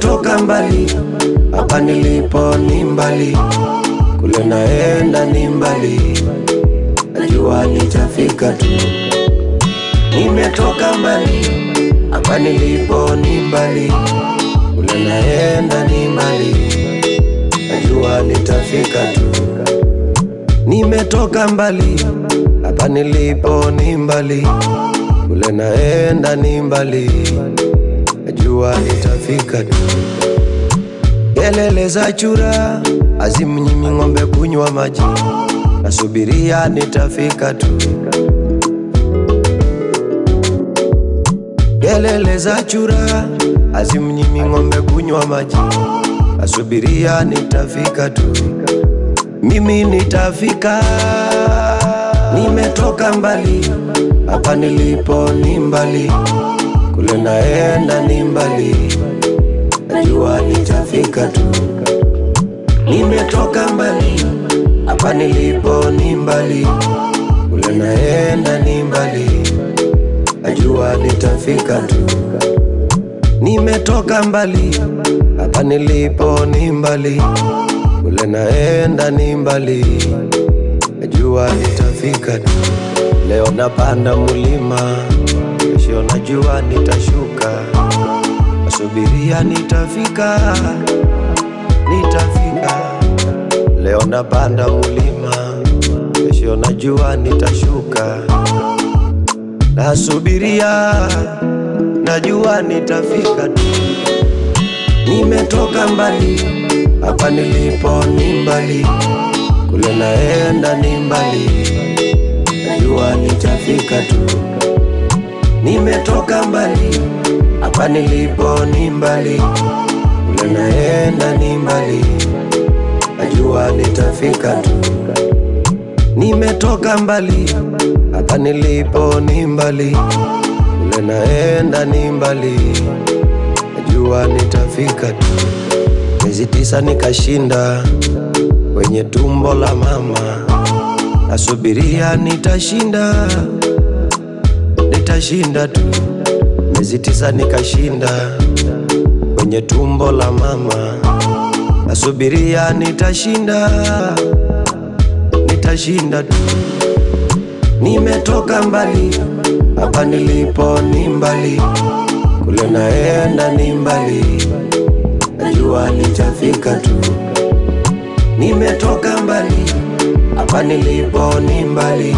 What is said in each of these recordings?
nimetoka mbali, hapa nilipo ni mbali, kule naenda ni mbali, najua nitafika tu. Nimetoka mbali, hapa nilipo ni mbali, kule naenda ni mbali, najua nitafika tu. Nimetoka mbali, hapa nilipo ni mbali, kule naenda ni mbali jua itafika tu. Kelele za chura azimnyimi ng'ombe kunywa maji, nasubiria nitafika tu. Kelele za chura azimnyimi ng'ombe kunywa maji, nasubiria nitafika tu. Mimi nitafika, nimetoka mbali, hapa nilipo ni mbali kule naenda ni mbali, najua nitafika tu. Nimetoka mbali, hapa nilipo ni mbali, kule naenda ni mbali, najua nitafika tu. Nimetoka mbali, hapa nilipo ni mbali, kule naenda ni mbali, najua nitafika tu. Leo napanda mulima najua nitashuka, nasubiria nitafika, nitafika. Leo napanda ulima kesho najua nitashuka, nasubiria, najua nitafika tu. Nimetoka mbali, hapa nilipo ni mbali, kule naenda ni mbali, najua nitafika tu nimetoka mbali, hapa nilipo ni mbali, ule naenda ni mbali, najua nitafika tu. Nimetoka mbali, hapa nilipo ni mbali, ule naenda ni mbali, najua nitafika tu. Miezi tisa nikashinda kwenye tumbo la mama, nasubiria nitashinda nikashinda tu, miezi tisa nikashinda kwenye tumbo la mama. Nasubiria nitashinda, nitashinda tu. Nimetoka mbali, hapa nilipo ni mbali, kule naenda ni mbali, najua nitafika tu. Nimetoka mbali, hapa nilipo ni mbali,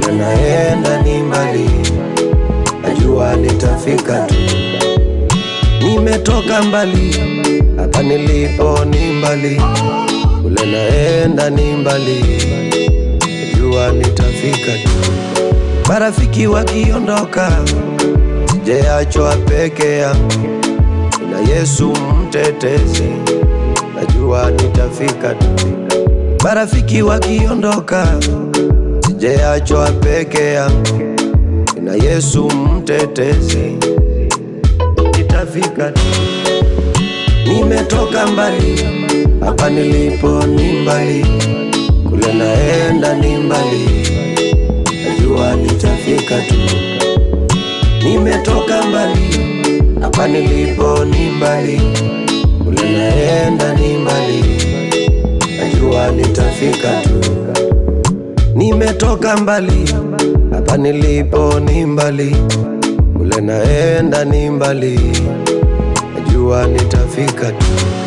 kule naenda ni mbali nilijua nitafika tu. Nimetoka mbali, hapa nilipo ni mbali, kule naenda ni mbali, nilijua nitafika tu. Marafiki wakiondoka, sijaachwa peke yangu, na Yesu mtetezi, najua nitafika tu. Marafiki wakiondoka, sijaachwa peke yangu Yesu mtetezi, itafika tu. Nimetoka mbali, hapa nilipo ni mbali, kule naenda ni mbali, najua nitafika tu. Nimetoka mbali, hapa nilipo ni mbali, kule naenda ni mbali, najua nitafika tu. Nimetoka mbali, hapa nilipo ni mbali, kule naenda ni mbali, najua nitafika tu.